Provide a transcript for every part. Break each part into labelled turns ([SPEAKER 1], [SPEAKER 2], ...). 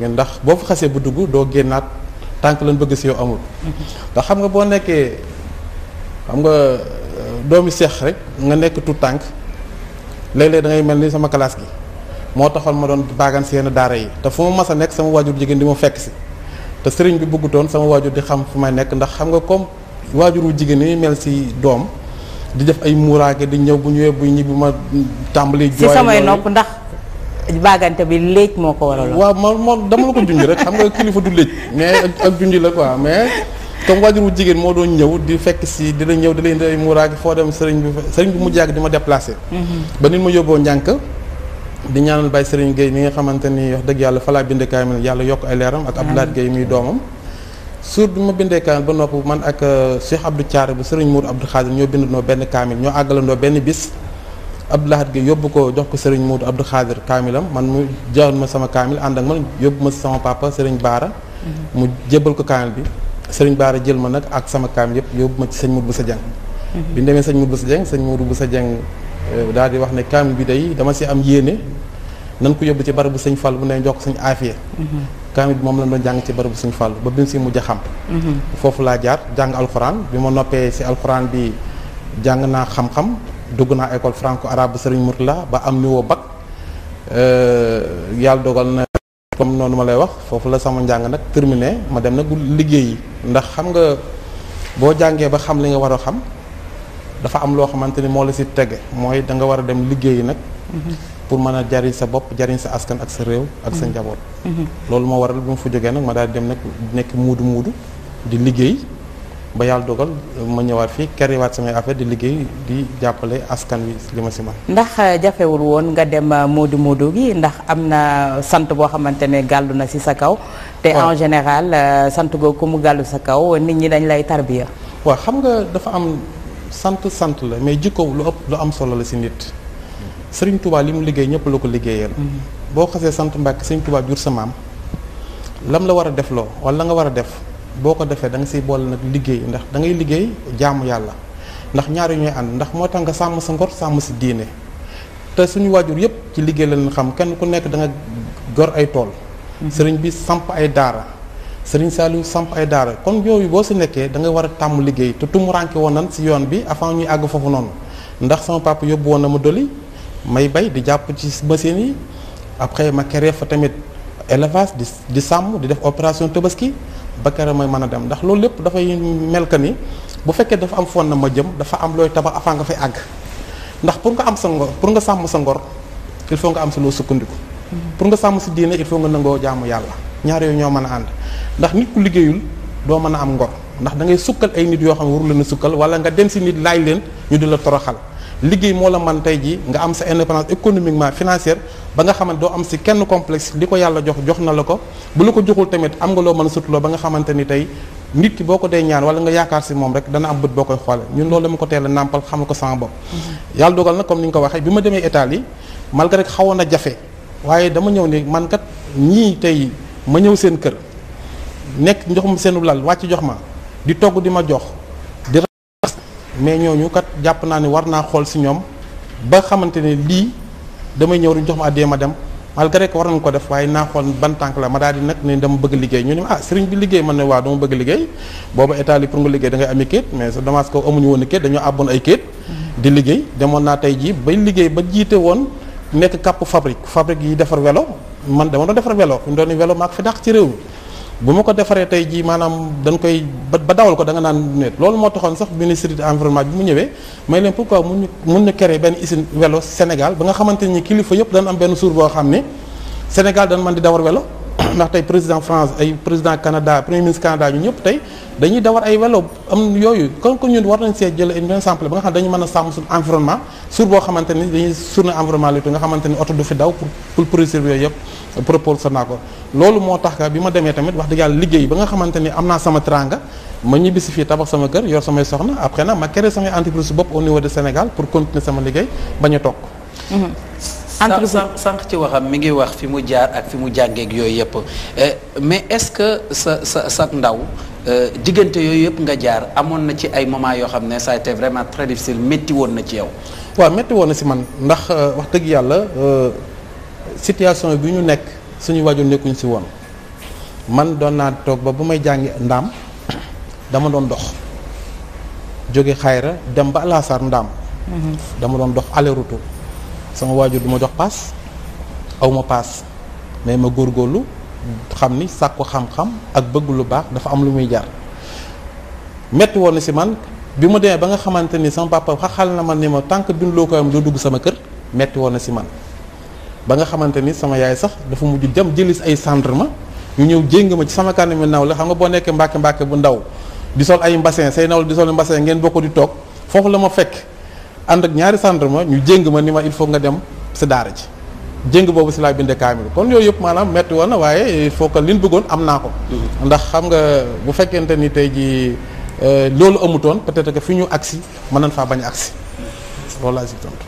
[SPEAKER 1] ngeen ndax bo fa xasse bu dugg do gennat tank lañ bëgg ci yow amul da xam nga bo nekké xam nga euh, doomi seex rek nga nekk tout tank léeg da ngay melni ni sama classe gi mo taxal ma doon bagan seen daara yi te fu ma mas nekk sama wajur jigen di mo fekk ci te serign bi bëggutoon sama wajur di xam fu may nekk ndax xam nga kom waajur wu jigéen ni mel ci doom di def ay muuraage di ñew bu ñewé bu ñibbi ma tàmbali jooy si samay nopp ndax baagante bi lecc moko waral wa ma man dama la ko junj rek xam nga kilifa du lecc mais ak junj la quoi mais comme waajur jigen mo do ñew di fekk si dina ñew dalay ndey mu muuraag fo dem serigne bi serigne bi mu jagg dima déplacer mhm. ba nit ma yobbo ñank di ñaanal bay Serigne Gueye mi nga xamanteni wax deug yalla fala falaa kay mel yalla yok ay leeram ak Abdoulaye mhm. Gueye mi domam sur bi ma bindee ba nopp man ak euh, Cheikh Abdou tiar bu Serigne Mour Abdou Khadim ñoo no ben kamil ñoo agalando ben bis Abdou Lahad Gueye yóbbu ko jox ko Serigne Modou Abdou kaamilam man mu joxoon ma sama kaamil ànd ak man ma sama papa Serigne Baara. Mhm. mu jébbal ko kaamil bi Serigne Baara jël ma nag ak sama kaamil yëpp yóbbu ma ci sëñ Modou Boussa demee sëñ Modou Boussa Dieng mhm. sëñ Modou Boussa Dieng euh, daal di wax ne kaamil bi day dama si am yéene nan ko yóbbu ci barabu sëñ Fall bu ne jox ko sëñ Afia. Mhm. bi moom lañ doon jàng ci barabu sëñ Fall ba bi si mujj a xam. foofu laa jaar jàng alxuraan bi ma noppee si alxuraan bi jàng naa xam-xam dugg naa école franco arabe Serigne mourla ba am niveau bac euh, yalla dogal na comme nonou ma lay wax fofu la sama jang nak terminé ma dem nag liggéeyi ndax xam nga bo jangé ba xam li nga wara xam dafa am lo xamanteni mo la ci moy da nga wara dem liggéeyi nak pour mana jariñ sa bop jariñ sa askan ak sa rew ak sa njabot mhm. mhm. lolou mo waral bu mu fu jógee nak ma daal dem nak nek moudou moudou di liggéey ba yal dogal ma ñëwaat fii kariwaat samay affaire di liggéey di jàppale askan wi li ma si man ndax euh, jafewul woon nga dem euh, moodu moodu gi ndax am na sant boo xamante ne gàllu na si sa kaw te en général euh, sant googu ku mu gàllu sa kaw nit ñi dañ lay tarbiya waaw xam nga dafa am sant sant la mais jikko lu ëpp lu am solo la si nit serigne Touba li mu liggéey ñëpp la ko liggéeyal mhm. boo xasee sant Mbàkke serigne Touba jur sa maam lam la war a def loo wala nga war a def boo ko defee da nga boole nag liggéey ndax dangay ngay liggéey jaamu yàlla ndax ñaari ñooy ànd ndax moo tax nga sàmm sa ngor sàmm si diine te suñu waajur yépp ci liggéey la leen xam kenn ku nekk da nga gor ay tool mhm. sëriñ bi samp ay daara sëriñ Saliou samp ay daara kon yooyu boo si nekkee dangay war a tàmm liggéey te tumuranke woon nan si yoon bi avant ñuy àgg foofu noonu ndax sama papa yóbbu woon na ma doli may bay di jàpp ci machine yi après ma keree tamit élevage di di sàmm di def opération tabaski ba keroog may mën a dem ndax loolu lépp dafay mel que ni bu fekkee dafa am fon na ma jëm dafa am looy tabax avant nga fay àgg ndax pour nga am sa ngor pour nga sàmm sa ngor il faut nga am sa loo sukkandiku. pour nga sàmm si diine il faut nga nangoo jaamu yàlla ñaar yooyu ñoo mën a ndax nit ku am ngor ndax da ngay sukkal ay nit xam sukkal wala nga dem liggey mo la man tay ji nga am sa indépendance économiquement financière ba nga xamante do am ci kenn complexe liko ko jox jox na lako bu lako ko joxul tamit am nga lo mën sutlo ba nga xamanteni tay nit ki boko day ñaan wala nga yaakar ci mom rek dana am bët bokoy xol ñun loolu dama ko teel nampal xam ko sama bop mm-hmm. yalla dogal na comme ni nga waxe bima démé ma Italie malgré rek jafe dama ñew ni man kat ñi tay ma ñew seen kër nek jox seenu lal wacc jox ma di togg di ma jox mais ñooñu kat jàpp naa ne war naa xool si ñoom ba xamante ne lii damay ñëw duñ jox ma àddee ma dem malgré que war nañ ko def waaye naa xool ban tànk la ma daal di nag ne dama bëgg liggéey ñu ne ah sëriñ bi liggéey man ne waaw dama bëgg liggéey booba état li pour nga liggéey da ngay ami kéet mais sa dommage ko amuñu woon kéet dañoo àbboon ay kéet di liggéey demoon naa tey jii bay liggéey ba jiite woon nekk kàpp fabrique fabrique yi defar welo man dama doon welo fu doon welo maa ko ci réew bu ma ko defaree tey jii maanaam dañ koy ba dawal ko danga nga naan net loolu moo taxoon sax ministre de environnement bi mu ñëwee may leen pourquoi mun ñu mun ñu créer benn usine vélo Sénégal ba nga xamante ni kilifa yëpp dañ am benn suur boo xam ne Sénégal dañ mën di dawar vélo ndax tey président France ay président Canada premier ministre Canada ñëpp tey dañuy dawar ay vélo am yooyu ko ñun war nañ see jël une exemple dañu mën a sàmm suñu environnement suur boo xamante ni dañuy surna environnement lépp nga xamante ni oto du fi daw pour pour préserver yooyu yëpp proposé naa ko loolu moo tax bi ma demee tamit wax dëgg yàlla liggéey ba nga xamante ni am naa sama teranga ma ñibbisi fii tabax sama kër yor samay soxna après nag ma créé samay entreprise bopp au niveau de Sénégal pour continuer sama liggéey bañ a toog. Mm-hmm. entreprise sànq ci waxam mi ngi wax fi mu jaar ak fi mu jàngeeg yooyu yëpp eh, mais est-ce que sa sa sa ndaw. Eh, diggante yooyu yëpp nga jaar amoon na ci ay moment yoo xam ne ça a vraiment très difficile métti woon na ci yow. waaw métti woon na si man ndax eh, wax dëgg yàlla situation bi ñu nek suñu wajud nekkuñ ci woon man do na tok ba bu may jangi ndam dama don dox joge khayra dem ba sar ndam mhm. dama don dox aller retour sama waajur duma dox pass awma pass mais ma gorgolu xamni sakku xam-xam ak bëgg lu baax dafa am lu muy jaar metti won ci man bi ma demee ba nga xamanteni sama papa xaxal na man ni ma tank dugg sama kër metti won ci man ba nga xamanteni sama yaay sax dafa muju jam jëlis ay gendarme ñu ñew jéng ma ci sama kanamu naaw la xam nga bo nekkee mbàkke mbàkke bu ndaw di sol ay mbassin say naaw di sol mbassin ngeen bokku di tok fofu la ma fekk and ak ñaari gendarme ñu jéng ma ni ma il faut nga dem ci daara ji jéng bobu ci la bindé kamil kon yoy yëpp manam metti wona waye il faut que liñ bëggoon am naa ko mm-hmm. ndax xam nga bu fekkenté ni tay ji euh, lolu amutoon peut-être que fiñu aksi man nañ fa bañ aksi lolu la ci tontu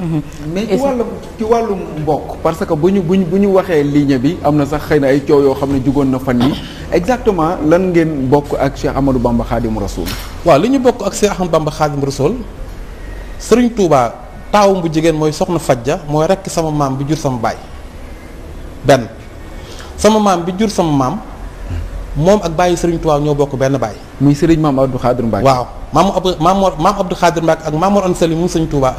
[SPEAKER 1] Mhm. mais ci wàllum ci wàllum mbokk parce que bu ñu bu ñu ligne bi am na sax xëy na ay coow yoo xam ne jugoon na fan yi exactement lan ngeen bokk ak Cheikh Amadou Bamba Khadim Rasoul. Wa li ñu bokk ak Cheikh Amadou Bamba Khadim Rasoul Serigne Touba taawum bu jigéen mooy soxna Fajja mooy rekk sama mam bi jur sama bay. Ben, sama mam bi jur sama mam, moom ak bàyyi Serigne Touba ñoo bokk benn baay. muy Serigne maam Abdou Khadir Mbacké. waaw mam Abdou mam maam Abdou Khadir Mbacké ak maam Mor Anta Sali Serigne Touba.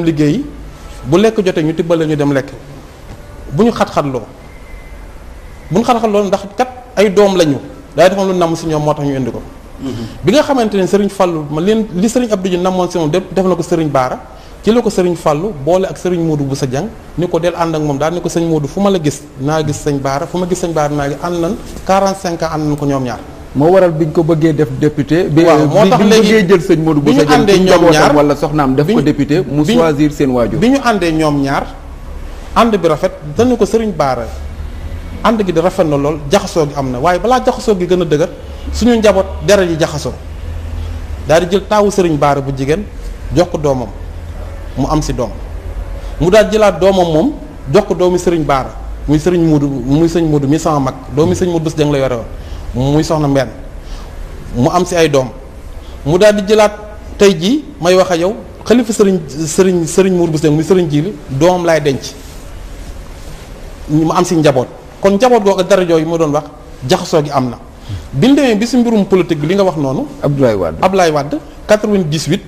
[SPEAKER 1] dem liggéeyi bu lekk jotee ñu tibbale ñu dem lekk bu ñu xat-xatloo bu ñu xat-xatloo ndax kat ay doom lañu daay dafa lu namm si ñoom moo tax ñu indi ko. Mm-hmm. bi nga xamante ne Serigne Fallou ma leen li Serigne Abdou Diouf namoon si moom def na ko sëriñ Baara ci la ko Serigne Fallou boole ak sëriñ Modou bu sa jàng ni ko del ànd ak moom daal ni ko sëñ Modou fu ma la gis naa gis sëñ Baara fu ma gis sëñ Baara naa ngi ànd nañ 45 ans ànd nañ ko ñoom ñaar. mo waral biñ ko bëggé def député. bi moo tax léegi jël señ Modou Bousso Dieng. ñu àndee ñoom ñaar wala soxnam def ko député. mu choisir seen waajur. biñu andé ñom ñaar and bi rafet dañ ko sëriñ Baara and gi di rafet na lool jaxasoo gi amna waye bala balaa gi gëna dëgër suñu njabot dara ji jaxasoo daal jël taawu sëriñ Baara bu jigen jox ko domam mu am ci dom mu daal jëlaat domam mom jox ko domi sëriñ Baara muy sëriñ Modou muy sëñ Modou mi sama mak domi sëñ Modou bëss jang la yore muy soxna mbenn mu am si ay doom mu daal di jëlaat tey jii may wax ak yow xalifa sëriñ sëriñ sëriñ Mour Bousso muy sëriñ ji doomam laay denc mu am si njaboot kon njaboot googu dara yi ma doon wax jaxasoo gi am na. bi ñu bi si mbirum politique bi li nga wax noonu. Abdoulaye Wade Abdoulaye Wade 98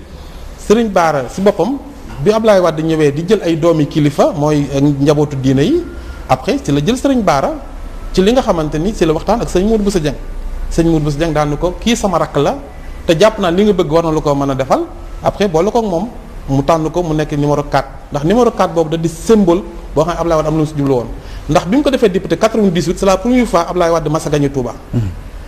[SPEAKER 1] sëriñ Baara si boppam bi Abdoulaye Wade ñëwee di jël ay doomi kilifa mooy njabootu diine yi après ci la jël sëriñ Baara. ci li nga xamanteni ci la waxtan ak seigne Mourou Boussa Dieng seigne Mourou Boussa Dieng danuko ki sama rak la te japp na li nga bëgg war na lako mëna mën a defal après boole ko moom mu tanuko mu nekk numéro 4 ndax numéro 4 bobu da di symbole bo xam ne Ablaye Wade am lu mu si jublu ndax bimu ko defee député 98 c'est la première fois Ablaye wad mas a gagné Touba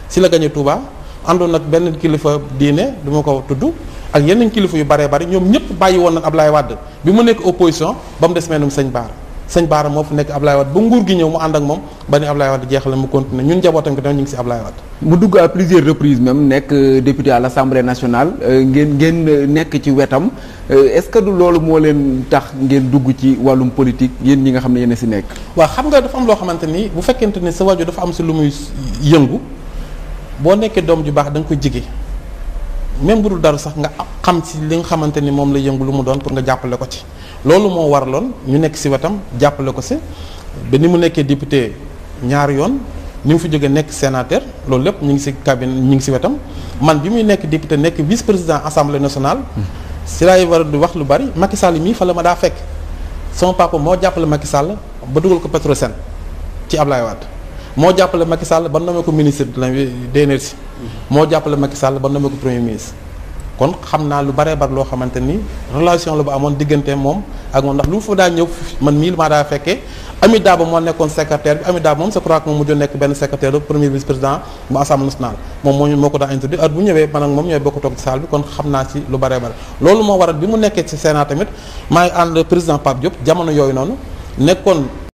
[SPEAKER 1] ci mhm. la gagné Touba andon nak ben kilifa diiné duma ko tuddu ak kilifa yu bare bare ñom ñepp bayyi won nak Ablaye wad bimu opposition bam dess menum seigne bar sëñ Baara moo fi nekk Ablaye Wade ba nguur gi ñëw mu ànd ak moom ba ni Ablaye Wade jeexal mu continué ñun ñu ngi si Ablaye Wade. mu dugg à plusieurs reprises même nekk euh, député à l' assemblée euh, ngeen ngeen euh, nekk ci wetam est-ce que du loolu moo leen tax ngeen dugg ci wàllum politique yéen ñi nga xam ne yéen a si nekk. waaw xam nga dafa am loo xamante ni bu fekkente ni sa waajur dafa am si lu muy yëngu boo nekkee doom ju baax danga nga ko jige même bu dul dara sax nga xam si li nga xamante ni moom la yëngu lu mu doon pour nga jàppale ko ci loolu moo waraloon ñu nekk si wetam jàppale ko ci ba ni mu nekkee député ñaari yoon ni mu fi jógee nekk sénateur loolu lépp ñu ngi ci cabinet ñu ngi ci wetam man bi muy nekk député nekk vice président assemblée nationale ci laay war di wax lu bari Macky Sall mii fa la ma daa fekk sama papa moo jàppale Macky Sall ba dugal ko Petrosen ci Ablaye Wade moo jàppale Macky Sall ba nommé ko ministre de l'énergie moo jàppale Macky Sall ba nommé ko premier ministre kon xam naa lu bare bari loo xamante ni relation la bu amoon diggante moom ak moom ndax lu fa daa ñëw man mii maa daa fekkee Ami Daaba moo nekkoon secrétaire bi Ami Daaba moom je crois que moom mujj nekk benn secrétaire bu premier vice président bu assemblée nationale moom moo moo ko daa introduire heure bu ñëwee man ak moom ñooy bokk toog ci salle bi naa lu baree bari loolu moo waral bi mu nekkee ci Sénat tamit président Pape Diop jamono yooyu noonu nekkoon.